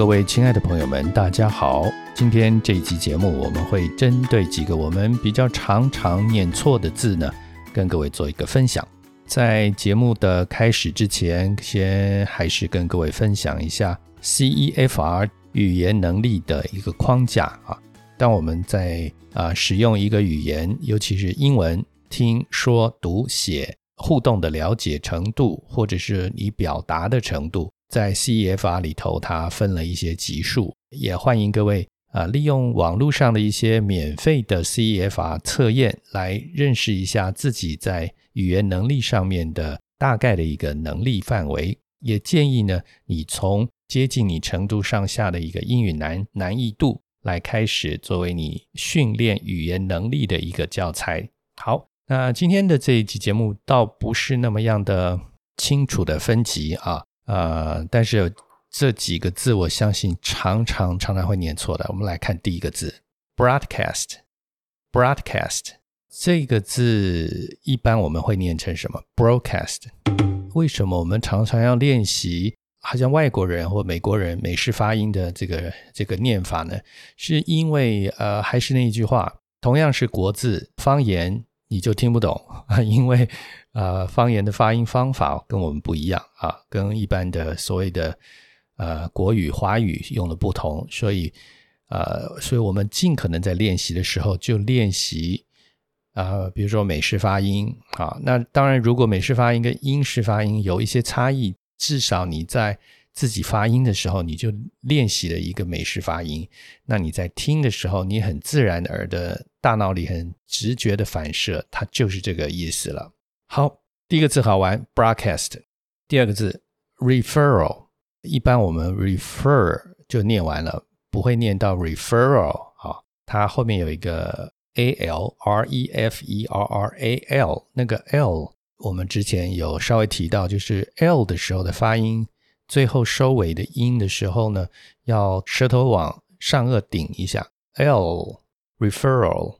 各位親愛的朋友們，大家好！今天這期節目，我們會針對幾個我們比較常常念錯的字呢，跟各位做一個分享。在節目的開始之前，先還是跟各位分享一下 CEFR 語言能力的一個框架啊。當我們在啊使用一個語言，尤其是英文，聽說讀寫互動的了解程度，或者是你表達的程度。在 CEFR 裡頭，它分了一些級數，也歡迎各位啊、呃，利用網絡上的一些免費的 CEFR 測驗來認識一下自己在語言能力上面的大概的一個能力範圍。也建議呢，你從接近你程度上下的一個英語難難易度來開始，作為你訓練語言能力的一個教材。好，那今天的這一期節目倒不是那麼樣的清楚的分級啊。呃，但是有這幾個字，我相信常常常常會念錯的。我們來看第一個字，broadcast，broadcast 這個字一般我們會念成什麼？broadcast？為什麼我們常常要練習好像外國人或美國人美式發音的這個這個念法呢？是因為呃，還是那一句話，同樣是國字方言。你就聽不懂，因為啊、呃，方言的發音方法跟我們不一樣啊，跟一般的所謂的呃國語、華語用的不同，所以呃，所以我們盡可能在練習的時候就練習啊、呃，比如說美式發音啊。那當然，如果美式發音跟英式發音有一些差異，至少你在自己發音的時候，你就練習了一個美式發音，那你在聽的時候，你很自然而的。大腦裡很直覺的反射，它就是這個意思了。好，第一個字好玩，broadcast。第二個字，referral。一般我們 refer 就念完了，不會念到 referral 啊。它後面有一個 al, r e f e r r a l，那個 l 我們之前有稍微提到，就是 l 的時候的發音，最後收尾的音的時候呢，要舌頭往上顎頂一下，l referral。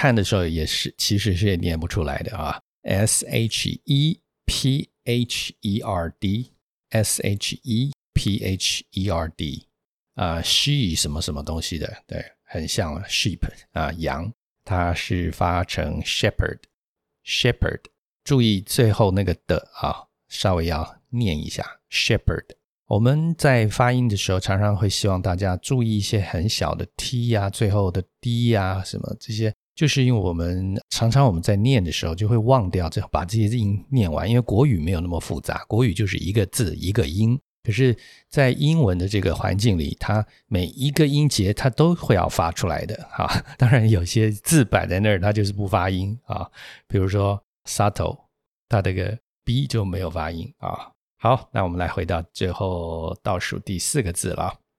看的時候也是，其實是也念不出來的啊。s h e p h e r d s h e p h e r d 啊，she 什麼什麼東西的，對，很像了 sheep 啊，羊，它是發成 shepherd，shepherd shepherd。注意最後那個的啊，稍微要念一下 shepherd。我們在發音的時候，常常會希望大家注意一些很小的 t 呀、啊，最後的 d 呀、啊，什麼這些。就是因為我們常常我們在念的時候就會忘掉，最後把這些音念完。因為國語沒有那麼複雜，國語就是一個字一個音。可是，在英文的這個環境裡，它每一個音節它都會要發出來的啊。當然，有些字擺在那兒，它就是不發音啊。比如說 subtle，它這個 b 就沒有發音啊。好，那我們來回到最後倒數第四個字了。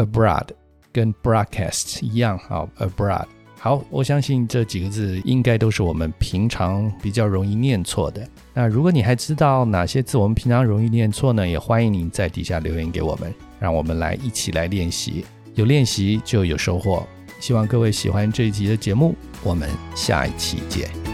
abroad 跟 broadcast 一樣，好 abroad 好，我相信這幾個字應該都是我們平常比較容易念錯的。那如果你還知道哪些字我們平常容易念錯呢，也歡迎你在底下留言給我們，讓我們來一起來練習。有練習就有收穫。希望各位喜歡這一集的節目，我們下一期見。